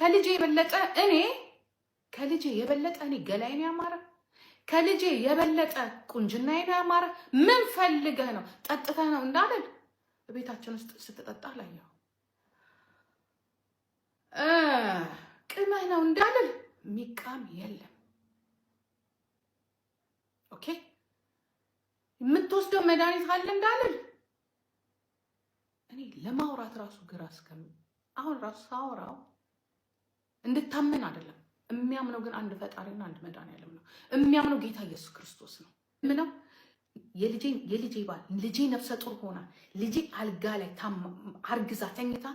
ከልጄ የበለጠ እኔ ከልጄ የበለጠ እኔ ገላይን ያማረ ከልጄ የበለጠ ቁንጅናዬን ያማረ ምን ፈልገህ ነው ጠጥተህ ነው እንዳለን ቤታችን ውስጥ ስትጠጣ ላየው ቅመህ ነው እንዳልል ሚቃም የለም። ኦኬ የምትወስደው መድኃኒት አለ እንዳልል እኔ ለማውራት ራሱ ግራ እስከሚ አሁን ራሱ ሳውራው እንድታመን አይደለም የሚያምነው ግን አንድ ፈጣሪና አንድ መድኃኒዓለም ነው። የሚያምነው ጌታ ኢየሱስ ክርስቶስ ነው። ምነው የልጄ ባል ልጄ ነፍሰ ጡር ሆና ልጄ አልጋ ላይ አርግዛ ተኝታ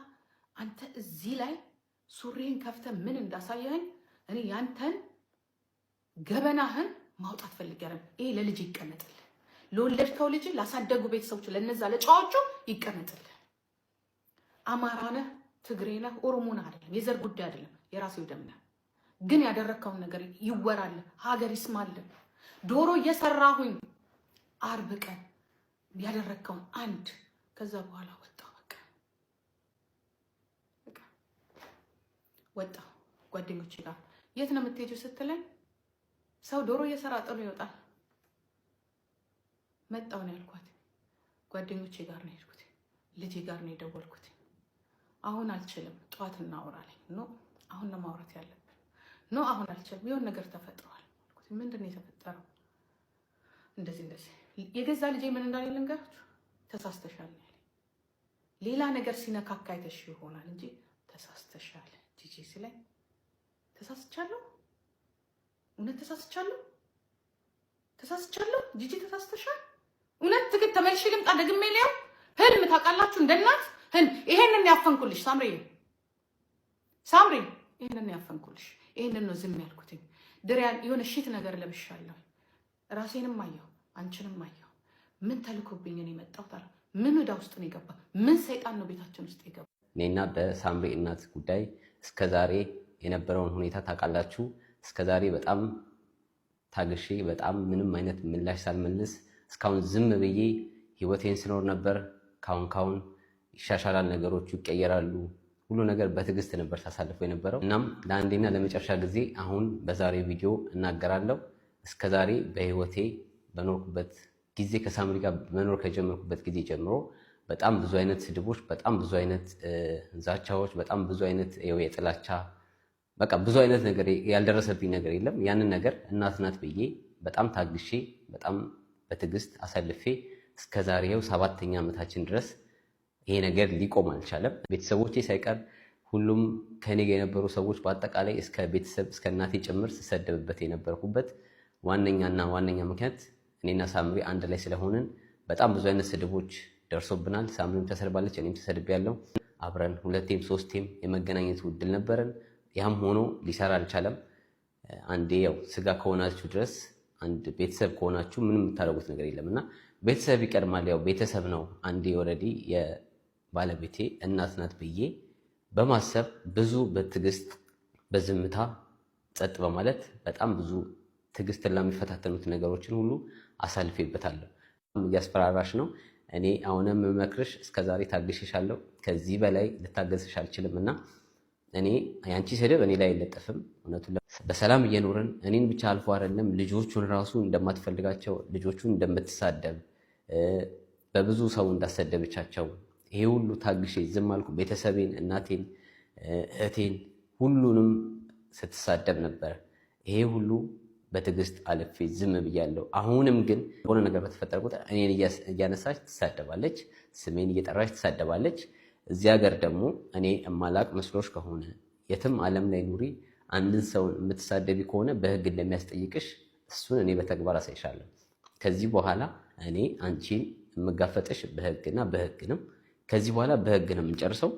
አንተ እዚህ ላይ ሱሪህን ከፍተ ምን እንዳሳየኸኝ እኔ ያንተን ገበናህን ማውጣት ፈልገረም። ይሄ ለልጅ ይቀመጥል፣ ለወለድከው ልጅ ላሳደጉ ቤተሰቦች፣ ለነዛ ለጫዎቹ ይቀመጥል። አማራ ነህ ትግሬ ነህ ኦሮሞ ነህ አይደለም፣ የዘር ጉዳይ አይደለም፣ የራሴው ደም ነህ። ግን ያደረግከውን ነገር ይወራል፣ ሀገር ይስማል። ዶሮ እየሰራሁኝ አርብ ቀን ያደረግከውን አንድ ከዛ በኋላ ወጣ በቃ ወጣ። ጓደኞች ጋር የት ነው የምትሄጂው ስትለኝ ሰው ዶሮ እየሰራ ጥሎ ይወጣል። መጣው ነው ያልኳት። ጓደኞቼ ጋር ነው የሄድኩት። ልጄ ጋር ነው የደወልኩት። አሁን አልችልም፣ ጠዋት እናወራለን። ኖ አሁን ነው ማውራት ያለብን። ኖ አሁን አልችልም፣ የሆነ ነገር ተፈጥሯል። ምንድን ነው የተፈጠረው? እንደዚህ እንደዚህ። የገዛ ልጄ ምን እንዳለ ልንገራችሁ። ተሳስተሻል ያለ ሌላ ነገር ሲነካካ አይተሽ ይሆናል እንጂ ተሳስተሻል ጂጂ ሲለኝ ተሳስቻለሁ፣ እውነት ተሳስቻለሁ፣ ተሳስቻለሁ። ጂጂ ተሳስተሻል፣ እውነት ትክክል። ተመልሼ ልምጣ ደግሜ ሊያው ህልም ታውቃላችሁ እንደናት ይሄንን ያፈንኩልሽ ሳምሪ ሳምሪ፣ ይሄንን ያፈንኩልሽ። ይሄንን ነው ዝም ያልኩትኝ። ድሪያን የሆነ ሽት ነገር ለብሻለሁ። ራሴንም አየሁ፣ አንቺንም አየሁ። ምን ተልኮብኝ ነው የመጣሁት? ምን ዕዳ ውስጥ ነው የገባ? ምን ሰይጣን ነው ቤታችን ውስጥ የገባ? እኔና በሳምሪ እናት ጉዳይ እስከዛሬ የነበረውን ሁኔታ ታውቃላችሁ። እስከዛሬ በጣም ታግሼ በጣም ምንም አይነት ምላሽ ሳልመልስ እስካሁን ዝም ብዬ ህይወቴን ስኖር ነበር። ካሁን ካሁን ይሻሻላል፣ ነገሮቹ ይቀየራሉ። ሁሉ ነገር በትዕግስት ነበር ሳሳልፎ የነበረው። እናም ለአንዴና ለመጨረሻ ጊዜ አሁን በዛሬ ቪዲዮ እናገራለሁ። እስከዛሬ በህይወቴ በኖርኩበት ጊዜ ከሳምሪ ጋር መኖር ከጀመርኩበት ጊዜ ጀምሮ በጣም ብዙ አይነት ስድቦች፣ በጣም ብዙ አይነት ዛቻዎች፣ በጣም ብዙ አይነት የጥላቻ በቃ ብዙ አይነት ነገር ያልደረሰብኝ ነገር የለም። ያንን ነገር እናት ናት ብዬ በጣም ታግሼ በጣም በትዕግስት አሳልፌ እስከዛሬው ሰባተኛ ዓመታችን ድረስ ይሄ ነገር ሊቆም አልቻለም። ቤተሰቦቼ ሳይቀር ሁሉም ከኔ ጋር የነበሩ ሰዎች በአጠቃላይ እስከ ቤተሰብ እስከ እናቴ ጭምር ስሰደብበት የነበርኩበት ዋነኛና ዋነኛ ምክንያት እኔና ሳምሪ አንድ ላይ ስለሆንን በጣም ብዙ አይነት ስድቦች ደርሶብናል። ሳምሪም ተሰድባለች፣ እኔም ተሰድቤያለሁ። አብረን ሁለቴም ሶስቴም የመገናኘት ውድል ነበረን። ያም ሆኖ ሊሰራ አልቻለም። አንዴ ያው ስጋ ከሆናችሁ ድረስ አንድ ቤተሰብ ከሆናችሁ ምንም የምታደርጉት ነገር የለም እና ቤተሰብ ይቀድማል። ያው ቤተሰብ ነው። አንዴ ወረዲ ባለቤቴ እናት ናት ብዬ በማሰብ ብዙ በትዕግስት በዝምታ ጸጥ በማለት በጣም ብዙ ትዕግስትን ለሚፈታተኑት ነገሮችን ሁሉ አሳልፌበታለሁ። እያስፈራራሽ ነው። እኔ አሁንም የምመክርሽ እስከዛሬ ታግሼሻለሁ፣ ከዚህ በላይ ልታገዝሽ አልችልም እና እኔ ያንቺ ስድብ እኔ ላይ አይለጠፍም። እውነቱን በሰላም እየኖርን እኔን ብቻ አልፎ አይደለም ልጆቹን ራሱ እንደማትፈልጋቸው ልጆቹን እንደምትሳደብ በብዙ ሰው እንዳሰደበቻቸው ይሄ ሁሉ ታግሼ ዝም አልኩ። ቤተሰቤን፣ እናቴን፣ እህቴን ሁሉንም ስትሳደብ ነበር። ይሄ ሁሉ በትዕግስት አልፌ ዝም ብያለሁ። አሁንም ግን የሆነ ነገር በተፈጠረ ቁጥር እኔን እያነሳች ትሳደባለች፣ ስሜን እየጠራች ትሳደባለች። እዚህ ሀገር ደግሞ እኔ እማላቅ መስሎች ከሆነ የትም ዓለም ላይ ኑሪ አንድን ሰውን የምትሳደቢ ከሆነ በህግ እንደሚያስጠይቅሽ እሱን እኔ በተግባር አሳይሻለሁ። ከዚህ በኋላ እኔ አንቺን የምጋፈጥሽ በህግና በህግ ነው። ከዚህ በኋላ በህግ ነው የምንጨርሰው።